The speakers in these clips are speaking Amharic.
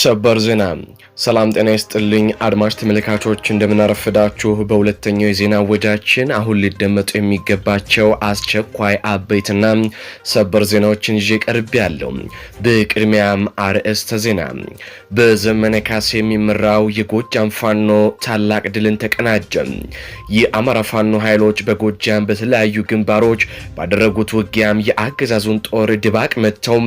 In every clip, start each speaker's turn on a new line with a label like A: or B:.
A: ሰበር ዜና። ሰላም ጤና ይስጥልኝ አድማጭ ተመልካቾች፣ እንደምናረፍዳችሁ። በሁለተኛው የዜና ወጃችን አሁን ሊደመጡ የሚገባቸው አስቸኳይ አበይትና ሰበር ዜናዎችን ይዤ ቀርብ ያለው። በቅድሚያም አርዕስተ ዜና። በዘመነ ካሴ የሚመራው የጎጃም ፋኖ ታላቅ ድልን ተቀናጀ። የአማራ ፋኖ ኃይሎች በጎጃም በተለያዩ ግንባሮች ባደረጉት ውጊያም የአገዛዙን ጦር ድባቅ መጥተው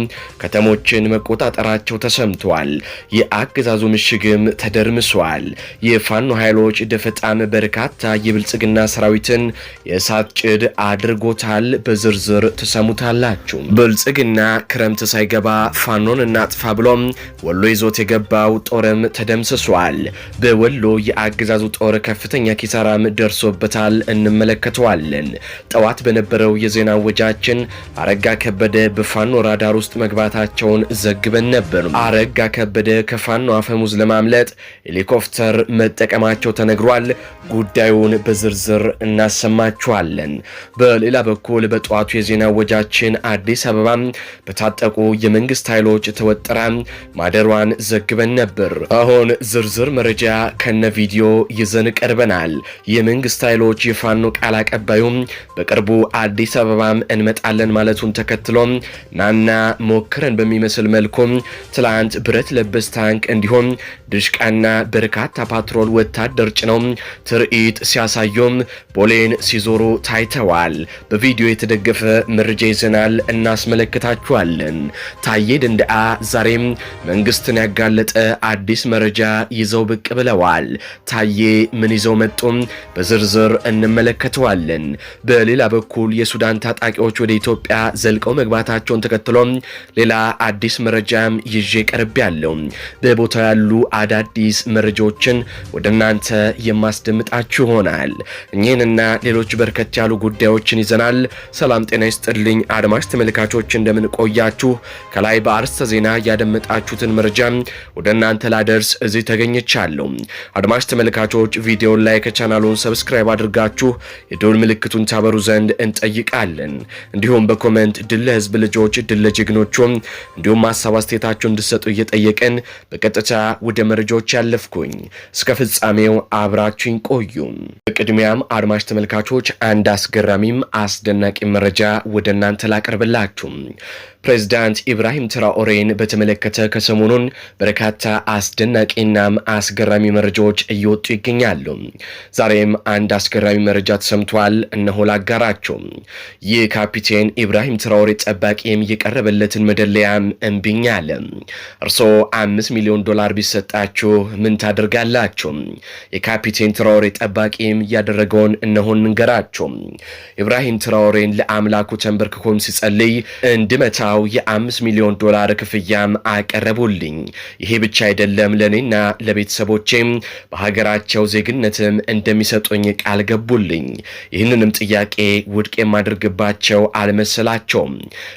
A: ከተሞችን መቆጣጠራቸው ተሰምተዋል። የአገዛዙ ምሽግም ተደርምሷል። የፋኖ ኃይሎች ደፈጣም በርካታ የብልጽግና ሰራዊትን የእሳት ጭድ አድርጎታል። በዝርዝር ትሰሙታላችሁ። ብልጽግና ክረምት ሳይገባ ፋኖን እናጥፋ ብሎም ወሎ ይዞት የገባው ጦርም ተደምስሷል። በወሎ የአገዛዙ ጦር ከፍተኛ ኪሳራም ደርሶበታል። እንመለከተዋለን። ጠዋት በነበረው የዜና ወጃችን አረጋ ከበደ በፋኖ ራዳር ውስጥ መግባታቸውን ዘግበን ነበር። አረጋ ከበደ ከፋኖ አፈሙዝ ለማምለጥ ሄሊኮፕተር መጠቀማቸው ተነግሯል። ጉዳዩን በዝርዝር እናሰማችኋለን። በሌላ በኩል በጠዋቱ የዜና ወጃችን አዲስ አበባ በታጠቁ የመንግስት ኃይሎች ተወጥራ ማደሯን ዘግበን ነበር። አሁን ዝርዝር መረጃ ከነ ቪዲዮ ይዘን ቀርበናል። የመንግስት ኃይሎች የፋኖ ቃል አቀባዩም በቅርቡ አዲስ አበባም እንመጣለን ማለቱን ተከትሎም ናና ሞክረን በሚመስል መልኩም ትላንት ብረት ለበስ አምስት ታንክ እንዲሁም ድሽቃና በርካታ ፓትሮል ወታደር ጭነው ትርኢት ሲያሳዩም ቦሌን ሲዞሩ ታይተዋል። በቪዲዮ የተደገፈ መረጃ ይዘናል፣ እናስመለክታችኋለን። ታዬ ደንደዓ ዛሬም መንግስትን ያጋለጠ አዲስ መረጃ ይዘው ብቅ ብለዋል። ታዬ ምን ይዘው መጡም በዝርዝር እንመለከተዋለን። በሌላ በኩል የሱዳን ታጣቂዎች ወደ ኢትዮጵያ ዘልቀው መግባታቸውን ተከትሎም ሌላ አዲስ መረጃም ይዤ ያለው። በቦታው ያሉ አዳዲስ መረጃዎችን ወደ እናንተ የማስደምጣችሁ ይሆናል። እኚህንና ሌሎች በርከት ያሉ ጉዳዮችን ይዘናል። ሰላም ጤና ይስጥልኝ አድማጭ ተመልካቾች እንደምን ቆያችሁ? ከላይ በአርስተ ዜና ያደመጣችሁትን መረጃ ወደ እናንተ ላደርስ እዚህ ተገኝቻለሁ። አድማጭ ተመልካቾች ቪዲዮን ላይ ከቻናሉን ሰብስክራይብ አድርጋችሁ የደወል ምልክቱን ታበሩ ዘንድ እንጠይቃለን። እንዲሁም በኮመንት ድል ለህዝብ ልጆች፣ ድል ለጀግኖቹም እንዲሁም ሀሳብ አስተያየታችሁን እንድሰጡ እየጠየቅን በቀጥታ ወደ መረጃዎች ያለፍኩኝ፣ እስከ ፍጻሜው አብራችኝ ቆዩ። በቅድሚያም አድማጭ ተመልካቾች አንድ አስገራሚም አስደናቂ መረጃ ወደ እናንተ ላቀርብላችሁ ፕሬዝዳንት ኢብራሂም ትራኦሬን በተመለከተ ከሰሞኑን በርካታ አስደናቂና አስገራሚ መረጃዎች እየወጡ ይገኛሉ። ዛሬም አንድ አስገራሚ መረጃ ተሰምቷል። እነሆ ላጋራችሁ። ይህ ካፒቴን ኢብራሂም ትራኦሬ ጠባቂም የቀረበለትን መደለያም እምቢኝ አለ። እርስዎ አምስት ሚሊዮን ዶላር ቢሰጣችሁ ምን ታደርጋላችሁ? የካፒቴን ትራኦሬ ጠባቂም ያደረገውን እነሆን እንገራችሁ። ኢብራሂም ትራኦሬን ለአምላኩ ተንበርክኮም ሲጸልይ እንድመታ በወጣው የአምስት ሚሊዮን ዶላር ክፍያም አቀረቡልኝ። ይሄ ብቻ አይደለም፣ ለእኔና ለቤተሰቦቼም በሀገራቸው ዜግነትም እንደሚሰጡኝ ቃል ገቡልኝ። ይህንንም ጥያቄ ውድቅ የማደርግባቸው አልመሰላቸውም።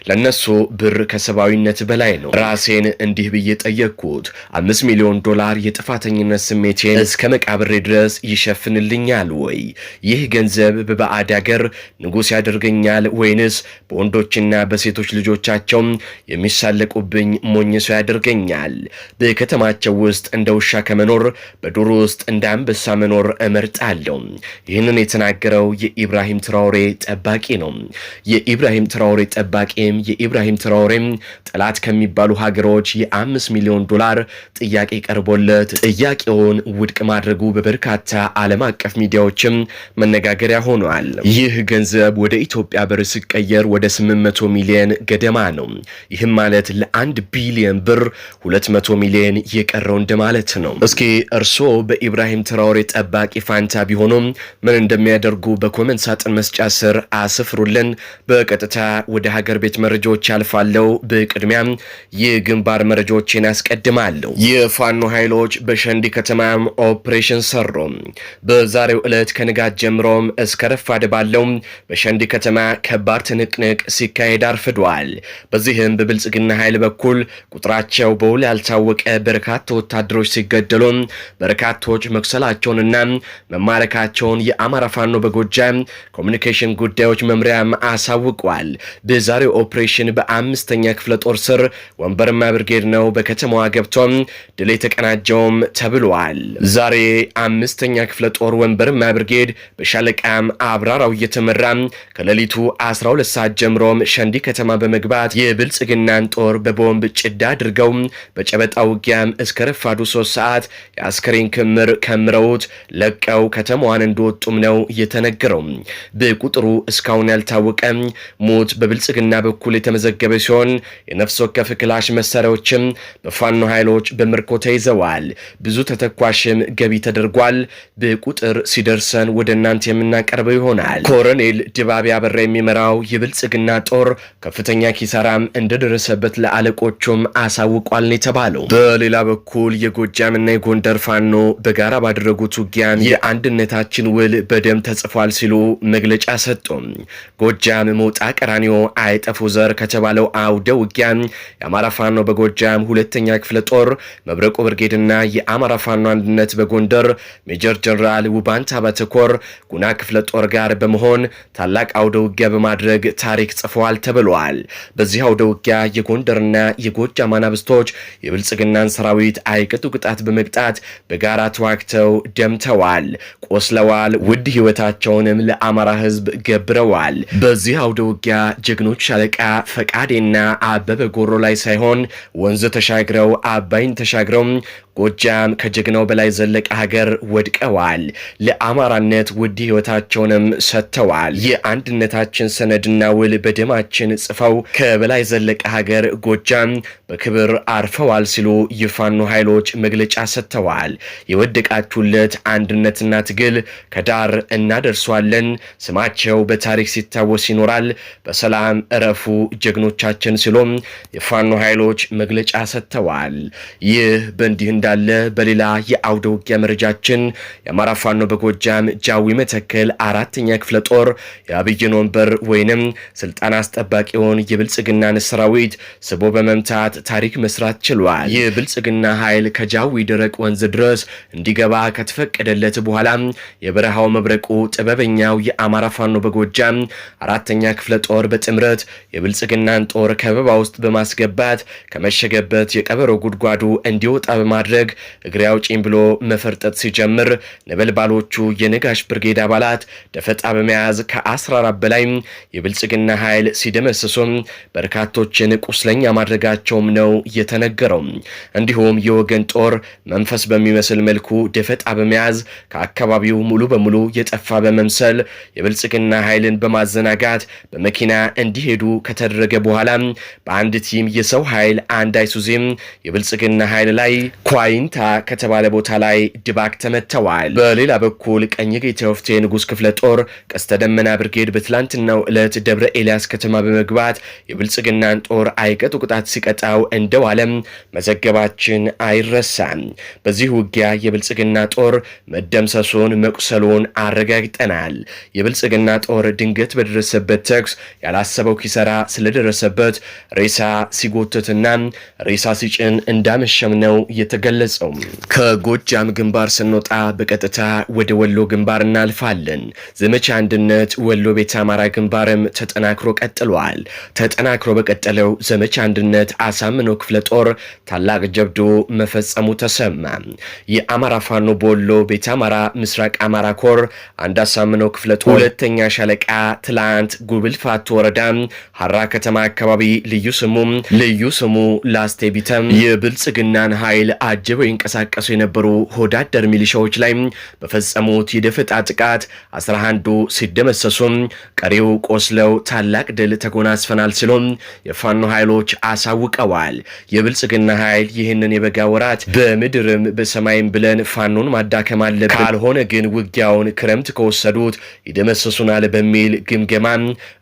A: ለእነሱ ብር ከሰብአዊነት በላይ ነው። ራሴን እንዲህ ብዬ ጠየቅኩት። አምስት ሚሊዮን ዶላር የጥፋተኝነት ስሜቴን እስከ መቃብሬ ድረስ ይሸፍንልኛል ወይ? ይህ ገንዘብ በባዕድ ሀገር ንጉሥ ያደርገኛል ወይንስ በወንዶችና በሴቶች ልጆቻቸው በመሆናቸው የሚሳለቁብኝ ሞኝ ሰው ያደርገኛል። በከተማቸው ውስጥ እንደ ውሻ ከመኖር በዱር ውስጥ እንደ አንበሳ መኖር እመርጣለሁ። ይህንን የተናገረው የኢብራሂም ትራውሬ ጠባቂ ነው። የኢብራሂም ትራውሬ ጠባቂም የኢብራሂም ትራውሬም ጠላት ከሚባሉ ሀገሮች የአምስት ሚሊዮን ዶላር ጥያቄ ቀርቦለት ጥያቄውን ውድቅ ማድረጉ በበርካታ ዓለም አቀፍ ሚዲያዎችም መነጋገሪያ ሆኗል። ይህ ገንዘብ ወደ ኢትዮጵያ ብር ሲቀየር ወደ 800 ሚሊዮን ገደማ ነው። ይህም ማለት ለአንድ ቢሊዮን ብር 200 ሚሊዮን የቀረው እንደማለት ነው። እስኪ እርስዎ በኢብራሂም ትራኦሬ ጠባቂ ፋንታ ቢሆኑም ምን እንደሚያደርጉ በኮመንት ሳጥን መስጫ ስር አስፍሩልን። በቀጥታ ወደ ሀገር ቤት መረጃዎች ያልፋለው። በቅድሚያም የግንባር መረጃዎችን አስቀድማለሁ። የፋኖ ኃይሎች በሸንዲ ከተማ ኦፕሬሽን ሰሩ። በዛሬው ዕለት ከንጋት ጀምሮም እስከ ረፋድ ባለው በሸንዲ ከተማ ከባድ ትንቅንቅ ሲካሄድ አርፍዷል። በዚህም በብልጽግና ኃይል በኩል ቁጥራቸው በውል ያልታወቀ በርካታ ወታደሮች ሲገደሉ በርካቶች መቁሰላቸውንና መማረካቸውን የአማራ ፋኖ በጎጃም ኮሚኒኬሽን ጉዳዮች መምሪያ አሳውቋል። በዛሬው ኦፕሬሽን በአምስተኛ ክፍለ ጦር ስር ወንበርማ ብርጌድ ነው በከተማዋ ገብቶም ድል የተቀናጀውም ተብሏል። ዛሬ አምስተኛ ክፍለ ጦር ወንበርማ ብርጌድ በሻለቃም አብራራው እየተመራ ከሌሊቱ 12 ሰዓት ጀምሮም ሸንዲ ከተማ በመግባት የብልጽግናን ጦር በቦምብ ጭዳ አድርገው በጨበጣ ውጊያም እስከ ረፋዱ ሶስት ሰዓት የአስከሬን ክምር ከምረውት ለቀው ከተማዋን እንደወጡም ነው የተነገረው። በቁጥሩ እስካሁን ያልታወቀ ሞት በብልጽግና በኩል የተመዘገበ ሲሆን የነፍስ ወከፍ ክላሽ መሳሪያዎችም በፋኖ ኃይሎች በምርኮ ተይዘዋል። ብዙ ተተኳሽም ገቢ ተደርጓል። በቁጥር ሲደርሰን ወደ እናንተ የምናቀርበው ይሆናል። ኮሎኔል ድባቢ አበራ የሚመራው የብልጽግና ጦር ከፍተኛ ኪሳ ኪሳራም እንደደረሰበት ለአለቆቹም አሳውቋል ነው የተባለው። በሌላ በኩል የጎጃምና የጎንደር ፋኖ በጋራ ባደረጉት ውጊያም የአንድነታችን ውል በደም ተጽፏል ሲሉ መግለጫ ሰጡ። ጎጃም መውጣ ቀራኒዮ አይጠፉ ዘር ከተባለው አውደ ውጊያ የአማራ ፋኖ በጎጃም ሁለተኛ ክፍለ ጦር መብረቁ ብርጌድና የአማራ ፋኖ አንድነት በጎንደር ሜጀር ጀነራል ውባንታ በተኮር ጉና ክፍለ ጦር ጋር በመሆን ታላቅ አውደ ውጊያ በማድረግ ታሪክ ጽፈዋል ተብሏል። በዚህ አውደ ውጊያ የጎንደርና የጎጃም ብስቶች የብልጽግናን ሰራዊት አይቅጡ ቅጣት በመቅጣት በጋራ ተዋግተው ደምተዋል፣ ቆስለዋል፣ ውድ ህይወታቸውንም ለአማራ ህዝብ ገብረዋል። በዚህ አውደ ውጊያ ጀግኖች ሻለቃ ፈቃዴና አበበ ጎሮ ላይ ሳይሆን ወንዝ ተሻግረው አባይን ተሻግረው ጎጃም ከጀግናው በላይ ዘለቀ ሀገር ወድቀዋል። ለአማራነት ውድ ህይወታቸውንም ሰጥተዋል። የአንድነታችን ሰነድና ውል በደማችን ጽፈው ከበላይ ዘለቀ ሀገር ጎጃም በክብር አርፈዋል ሲሉ የፋኖ ኃይሎች መግለጫ ሰጥተዋል። የወደቃችሁለት አንድነትና ትግል ከዳር እናደርሷለን፣ ስማቸው በታሪክ ሲታወስ ይኖራል፣ በሰላም እረፉ ጀግኖቻችን ሲሎም የፋኖ ኃይሎች መግለጫ ሰጥተዋል። ይህ በእንዲህ እንዳለ በሌላ የአውደ ውጊያ መረጃችን የአማራ ፋኖ በጎጃም ጃዊ መተከል አራተኛ ክፍለ ጦር የአብይን ወንበር ወይንም ስልጣን አስጠባቂውን የብልጽግናን ሰራዊት ስቦ በመምታት ታሪክ መስራት ችሏል። ይህ ብልጽግና ኃይል ከጃዊ ደረቅ ወንዝ ድረስ እንዲገባ ከተፈቀደለት በኋላ የበረሃው መብረቁ ጥበበኛው የአማራ ፋኖ በጎጃም አራተኛ ክፍለ ጦር በጥምረት የብልጽግናን ጦር ከበባ ውስጥ በማስገባት ከመሸገበት የቀበሮ ጉድጓዱ እንዲወጣ በማድረግ በማድረግ እግሬ አውጪኝ ብሎ መፈርጠጥ ሲጀምር ነበልባሎቹ የነጋሽ ብርጌድ አባላት ደፈጣ በመያዝ ከ14 በላይ የብልጽግና ኃይል ሲደመስሱም በርካቶችን ቁስለኛ ማድረጋቸውም ነው የተነገረው። እንዲሁም የወገን ጦር መንፈስ በሚመስል መልኩ ደፈጣ በመያዝ ከአካባቢው ሙሉ በሙሉ የጠፋ በመምሰል የብልጽግና ኃይልን በማዘናጋት በመኪና እንዲሄዱ ከተደረገ በኋላ በአንድ ቲም የሰው ኃይል አንድ አይሱዚም የብልጽግና ኃይል ላይ ኳ አይንታ ከተባለ ቦታ ላይ ድባቅ ተመተዋል። በሌላ በኩል ቀኝ ጌታ ወፍቴ ንጉሥ ክፍለ ጦር ቀስተ ደመና ብርጌድ በትላንትናው ዕለት ደብረ ኤልያስ ከተማ በመግባት የብልጽግናን ጦር አይቀጡ ቅጣት ሲቀጣው እንደዋለም መዘገባችን አይረሳም። በዚህ ውጊያ የብልጽግና ጦር መደምሰሱን መቁሰሉን አረጋግጠናል። የብልጽግና ጦር ድንገት በደረሰበት ተኩስ ያላሰበው ኪሰራ ስለደረሰበት ሬሳ ሲጎትትና ሬሳ ሲጭን እንዳመሸም ነው የተገለ ገለጸው። ከጎጃም ግንባር ስንወጣ በቀጥታ ወደ ወሎ ግንባር እናልፋለን። ዘመቻ አንድነት ወሎ ቤተ አማራ ግንባርም ተጠናክሮ ቀጥሏል። ተጠናክሮ በቀጠለው ዘመቻ አንድነት አሳምኖ ክፍለ ጦር ታላቅ ጀብዶ መፈጸሙ ተሰማ። የአማራ ፋኖ በወሎ ቤተ አማራ ምስራቅ አማራ ኮር አንድ አሳምኖ ክፍለ ጦር ሁለተኛ ሻለቃ ትላንት ጉብል ፋቶ ወረዳ ሀራ ከተማ አካባቢ ልዩ ስሙ ልዩ ስሙ ላስቴ ቢተም የብልጽግናን ኃይል አጅበው ይንቀሳቀሱ የነበሩ ሆዳደር ሚሊሻዎች ላይ በፈጸሙት የደፈጣ ጥቃት 11ዱ ሲደመሰሱም ቀሪው ቆስለው ታላቅ ድል ተጎናስፈናል ሲሉም የፋኖ ኃይሎች አሳውቀዋል። የብልጽግና ኃይል ይህንን የበጋ ወራት በምድርም በሰማይም ብለን ፋኖን ማዳከም አለብን፣ ካልሆነ ግን ውጊያውን ክረምት ከወሰዱት ይደመሰሱናል በሚል ግምገማ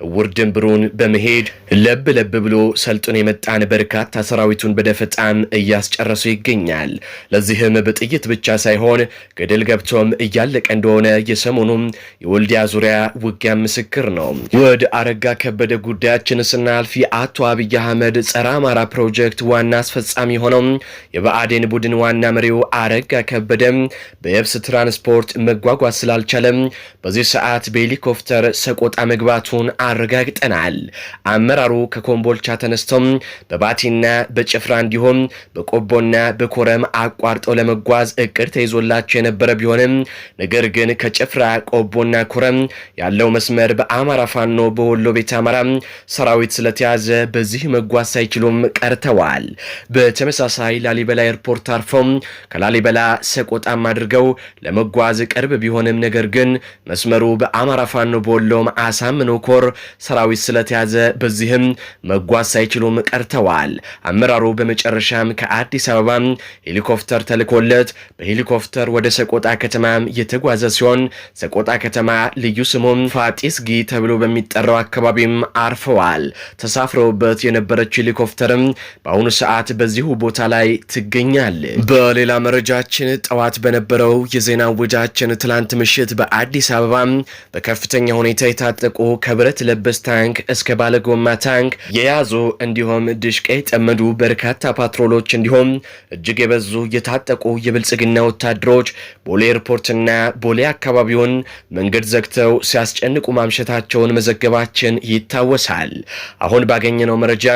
A: እውር ድንብሩን በመሄድ ለብ ለብ ብሎ ሰልጡን የመጣን በርካታ ሰራዊቱን በደፈጣም እያስጨረሱ ይገኛል። ይገኛል። ለዚህም በጥይት ብቻ ሳይሆን ገደል ገብቶም እያለቀ እንደሆነ የሰሞኑም የወልዲያ ዙሪያ ውጊያ ምስክር ነው። ወደ አረጋ ከበደ ጉዳያችን ስናልፍ የአቶ አብይ አህመድ ጸረ አማራ ፕሮጀክት ዋና አስፈጻሚ የሆነው የብአዴን ቡድን ዋና መሪው አረጋ ከበደም በየብስ ትራንስፖርት መጓጓዝ ስላልቻለም በዚህ ሰዓት በሄሊኮፕተር ሰቆጣ መግባቱን አረጋግጠናል። አመራሩ ከኮምቦልቻ ተነስተው በባቲና በጭፍራ እንዲሁም በቆቦና በኮረ መስከረም አቋርጠው ለመጓዝ እቅድ ተይዞላቸው የነበረ ቢሆንም ነገር ግን ከጭፍራ ቆቦና ኩረም ያለው መስመር በአማራ ፋኖ በወሎ ቤት አማራ ሰራዊት ስለተያዘ በዚህ መጓዝ ሳይችሉም ቀርተዋል። በተመሳሳይ ላሊበላ ኤርፖርት አርፈው ከላሊበላ ሰቆጣም አድርገው ለመጓዝ ቅርብ ቢሆንም ነገር ግን መስመሩ በአማራ ፋኖ በወሎም አሳምኖ ኮር ሰራዊት ስለተያዘ በዚህም መጓዝ ሳይችሉም ቀርተዋል። አመራሩ በመጨረሻም ከአዲስ አበባ ሄሊኮፕተር ተልኮለት በሄሊኮፕተር ወደ ሰቆጣ ከተማ የተጓዘ ሲሆን ሰቆጣ ከተማ ልዩ ስሙም ፋጢስጊ ተብሎ በሚጠራው አካባቢም አርፈዋል። ተሳፍረውበት የነበረች ሄሊኮፕተርም በአሁኑ ሰዓት በዚሁ ቦታ ላይ ትገኛለች። በሌላ መረጃችን ጠዋት በነበረው የዜና ውጃችን ትላንት ምሽት በአዲስ አበባ በከፍተኛ ሁኔታ የታጠቁ ከብረት ለበስ ታንክ እስከ ባለጎማ ታንክ የያዙ እንዲሁም ድሽቃ የጠመዱ በርካታ ፓትሮሎች እንዲሁም እጅግ የበዙ የታጠቁ የብልጽግና ወታደሮች ቦሌ ኤርፖርትና ቦሌ አካባቢውን መንገድ ዘግተው ሲያስጨንቁ ማምሸታቸውን መዘገባችን ይታወሳል። አሁን ባገኘነው መረጃ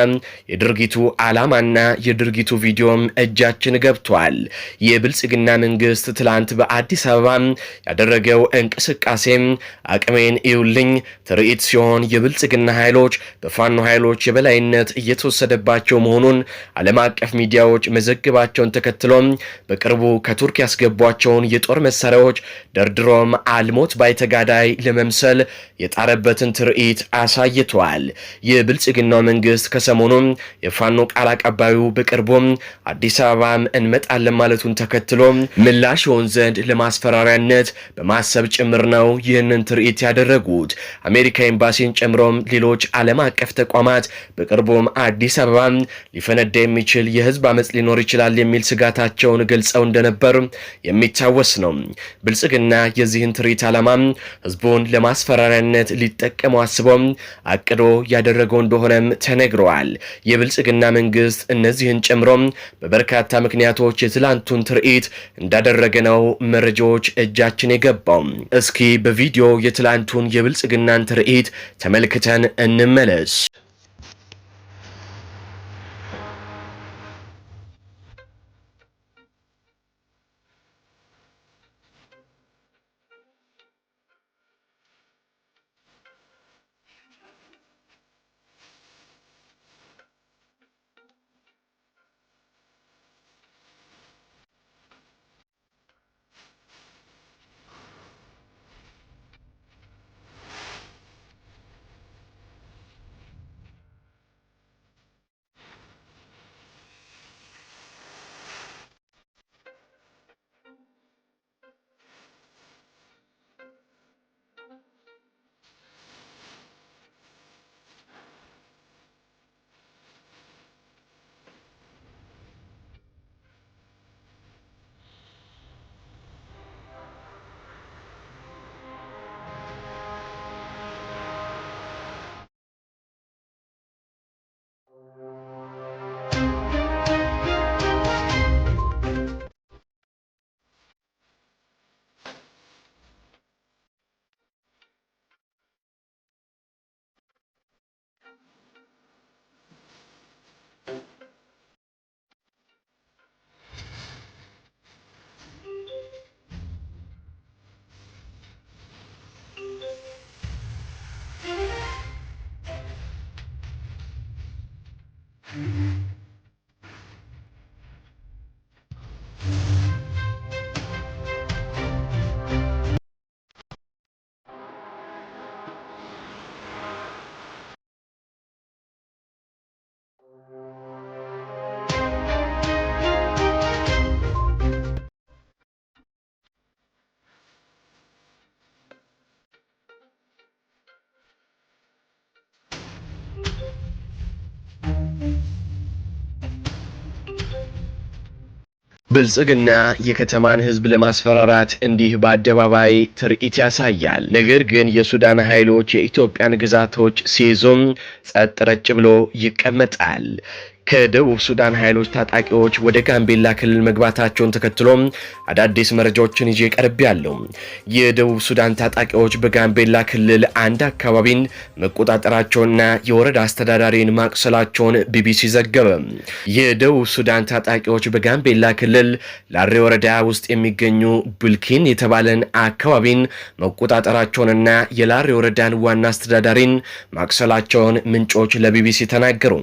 A: የድርጊቱ ዓላማና የድርጊቱ ቪዲዮም እጃችን ገብቷል። የብልጽግና መንግስት ትላንት በአዲስ አበባ ያደረገው እንቅስቃሴም አቅሜን እዩልኝ ትርኢት ሲሆን የብልጽግና ኃይሎች በፋኖ ኃይሎች የበላይነት እየተወሰደባቸው መሆኑን ዓለም አቀፍ ሚዲያዎች መዘገባቸውን ተከ ተከትሎም በቅርቡ ከቱርክ ያስገቧቸውን የጦር መሳሪያዎች ደርድሮም አልሞት ባይተጋዳይ ለመምሰል የጣረበትን ትርኢት አሳይቷል። የብልጽግናው መንግስት ከሰሞኑም የፋኖ ቃል አቀባዩ በቅርቡም አዲስ አበባም እንመጣለን ማለቱን ተከትሎ ምላሽ የሆን ዘንድ ለማስፈራሪያነት በማሰብ ጭምር ነው ይህንን ትርኢት ያደረጉት። አሜሪካ ኤምባሲን ጨምሮም ሌሎች ዓለም አቀፍ ተቋማት በቅርቡም አዲስ አበባ ሊፈነዳ የሚችል የህዝብ አመፅ ሊኖር ይችላል የሚል ስጋታቸውን ገልጸው እንደነበር የሚታወስ ነው። ብልጽግና የዚህን ትርኢት ዓላማ ህዝቡን ለማስፈራሪያነት ሊጠቀመው አስቦም አቅዶ ያደረገው እንደሆነም ተነግረዋል። የብልጽግና መንግስት እነዚህን ጨምሮ በበርካታ ምክንያቶች የትላንቱን ትርኢት እንዳደረገ ነው መረጃዎች እጃችን የገባው። እስኪ በቪዲዮ የትላንቱን የብልጽግናን ትርኢት ተመልክተን እንመለስ። ብልጽግና የከተማን ህዝብ ለማስፈራራት እንዲህ በአደባባይ ትርኢት ያሳያል። ነገር ግን የሱዳን ኃይሎች የኢትዮጵያን ግዛቶች ሲይዙም ጸጥ ረጭ ብሎ ይቀመጣል። ከደቡብ ሱዳን ኃይሎች ታጣቂዎች ወደ ጋምቤላ ክልል መግባታቸውን ተከትሎ አዳዲስ መረጃዎችን ይዤ ቀርብ ያለው የደቡብ ሱዳን ታጣቂዎች በጋምቤላ ክልል አንድ አካባቢን መቆጣጠራቸውና የወረዳ አስተዳዳሪን ማቁሰላቸውን ቢቢሲ ዘገበ። የደቡብ ሱዳን ታጣቂዎች በጋምቤላ ክልል ላሬ ወረዳ ውስጥ የሚገኙ ቡልኪን የተባለን አካባቢን መቆጣጠራቸውንና የላሬ ወረዳን ዋና አስተዳዳሪን ማቁሰላቸውን ምንጮች ለቢቢሲ ተናገሩ።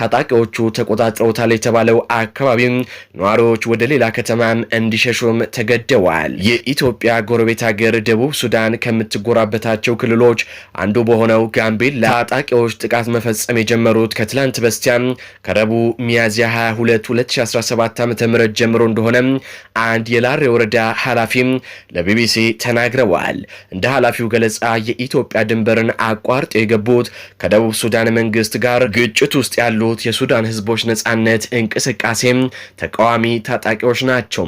A: ታጣቂዎቹ ተቆጣጥረውታል የተባለው አካባቢም ነዋሪዎች ወደ ሌላ ከተማም እንዲሸሹም ተገደዋል። የኢትዮጵያ ጎረቤት ሀገር ደቡብ ሱዳን ከምትጎራበታቸው ክልሎች አንዱ በሆነው ጋምቤላ ታጣቂዎች ጥቃት መፈጸም የጀመሩት ከትላንት በስቲያም ከረቡዕ ሚያዝያ 22 2017 ዓ ም ጀምሮ እንደሆነ አንድ የላሬ ወረዳ ኃላፊም ለቢቢሲ ተናግረዋል። እንደ ኃላፊው ገለጻ የኢትዮጵያ ድንበርን አቋርጠው የገቡት ከደቡብ ሱዳን መንግስት ጋር ግጭት ውስጥ ያሉት የሱዳን ህዝቦች ነጻነት እንቅስቃሴም ተቃዋሚ ታጣቂዎች ናቸው።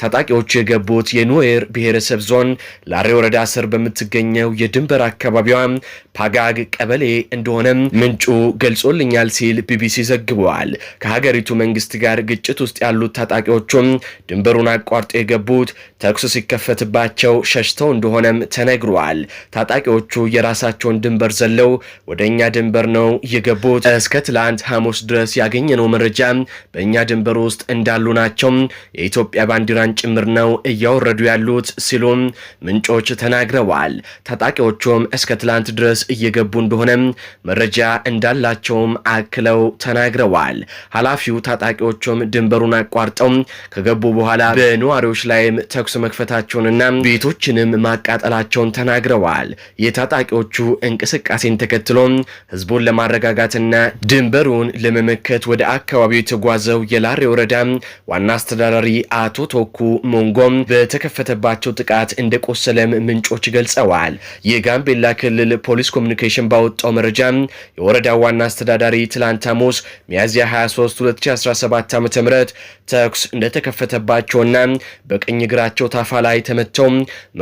A: ታጣቂዎቹ የገቡት የኑዌር ብሔረሰብ ዞን ላሬ ወረዳ ስር በምትገኘው የድንበር አካባቢዋ ፓጋግ ቀበሌ እንደሆነ ምንጩ ገልጾልኛል ሲል ቢቢሲ ዘግበዋል። ከሀገሪቱ መንግስት ጋር ግጭት ውስጥ ያሉት ታጣቂዎቹም ድንበሩን አቋርጦ የገቡት ተኩስ ሲከፈትባቸው ሸሽተው እንደሆነም ተነግሯል። ታጣቂዎቹ የራሳቸውን ድንበር ዘለው ወደ እኛ ድንበር ነው የገቡት። እስከ ትላንት ሐሙስ ድረስ ድረስ ያገኘነው መረጃ በእኛ ድንበር ውስጥ እንዳሉ ናቸው፣ የኢትዮጵያ ባንዲራን ጭምር ነው እያወረዱ ያሉት ሲሉም ምንጮች ተናግረዋል። ታጣቂዎቹም እስከ ትላንት ድረስ እየገቡ እንደሆነ መረጃ እንዳላቸውም አክለው ተናግረዋል። ኃላፊው ታጣቂዎቹም ድንበሩን አቋርጠው ከገቡ በኋላ በነዋሪዎች ላይም ተኩስ መክፈታቸውንና ቤቶችንም ማቃጠላቸውን ተናግረዋል። የታጣቂዎቹ እንቅስቃሴን ተከትሎ ህዝቡን ለማረጋጋትና ድንበሩን ለመመ ምልክት ወደ አካባቢው የተጓዘው የላሬ ወረዳ ዋና አስተዳዳሪ አቶ ቶኩ ሞንጎም በተከፈተባቸው ጥቃት እንደቆሰለም ምንጮች ገልጸዋል። የጋምቤላ ክልል ፖሊስ ኮሚኒኬሽን ባወጣው መረጃ የወረዳው ዋና አስተዳዳሪ ትላንት ሐሙስ ሚያዝያ 23 2017 ዓ ም ተኩስ እንደተከፈተባቸውና በቀኝ እግራቸው ታፋ ላይ ተመተው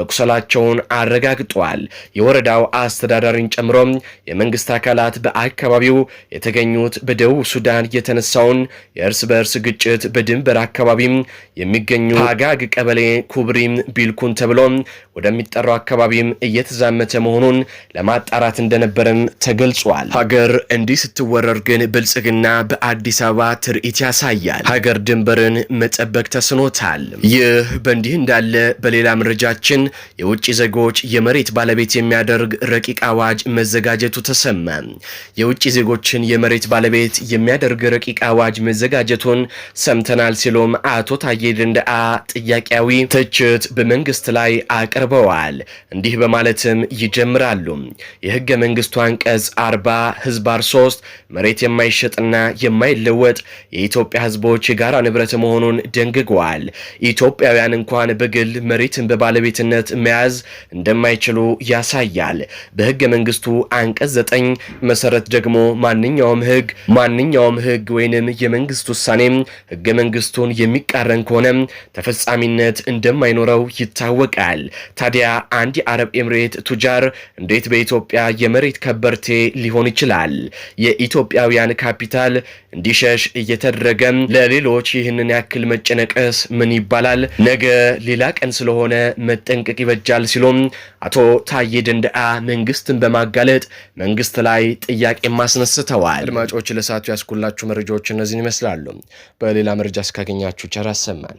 A: መቁሰላቸውን አረጋግጠዋል። የወረዳው አስተዳዳሪን ጨምሮ የመንግስት አካላት በአካባቢው የተገኙት በደቡብ ሱዳን ሱዳን የተነሳውን የእርስ በእርስ ግጭት በድንበር አካባቢም የሚገኙ አጋግ ቀበሌ ኩብሪም ቢልኩን ተብሎ ወደሚጠራው አካባቢም እየተዛመተ መሆኑን ለማጣራት እንደነበረም ተገልጿል። ሀገር እንዲህ ስትወረር ግን ብልጽግና በአዲስ አበባ ትርኢት ያሳያል። ሀገር ድንበርን መጠበቅ ተስኖታል። ይህ በእንዲህ እንዳለ በሌላ መረጃችን የውጭ ዜጎች የመሬት ባለቤት የሚያደርግ ረቂቅ አዋጅ መዘጋጀቱ ተሰማ። የውጭ ዜጎችን የመሬት ባለቤት የሚያ የሚያደርግ ረቂቅ አዋጅ መዘጋጀቱን ሰምተናል ሲሉም አቶ ታዬ ደንደአ ጥያቄያዊ ትችት በመንግስት ላይ አቅርበዋል። እንዲህ በማለትም ይጀምራሉ። የህገ መንግስቱ አንቀጽ 40 ህዝባር 3 መሬት የማይሸጥና የማይለወጥ የኢትዮጵያ ህዝቦች የጋራ ንብረት መሆኑን ደንግጓል። ኢትዮጵያውያን እንኳን በግል መሬትን በባለቤትነት መያዝ እንደማይችሉ ያሳያል። በህገ መንግስቱ አንቀጽ 9 መሰረት ደግሞ ማንኛውም ህግ ማንኛውም የትኛውም ህግ ወይንም የመንግስት ውሳኔ ህገ መንግስቱን የሚቃረን ከሆነ ተፈጻሚነት እንደማይኖረው ይታወቃል። ታዲያ አንድ የአረብ ኤምሬት ቱጃር እንዴት በኢትዮጵያ የመሬት ከበርቴ ሊሆን ይችላል? የኢትዮጵያውያን ካፒታል እንዲሸሽ እየተደረገ ለሌሎች ይህንን ያክል መጨነቀስ ምን ይባላል? ነገ ሌላ ቀን ስለሆነ መጠንቀቅ ይበጃል ሲሉም አቶ ታዬ ደንደአ መንግስትን በማጋለጥ መንግስት ላይ ጥያቄ ማስነስተዋል። አድማጮች ለሳቱ ያስኩላችሁ መረጃዎች እነዚህን ይመስላሉ። በሌላ መረጃ እስካገኛችሁ ቸር አሰማን።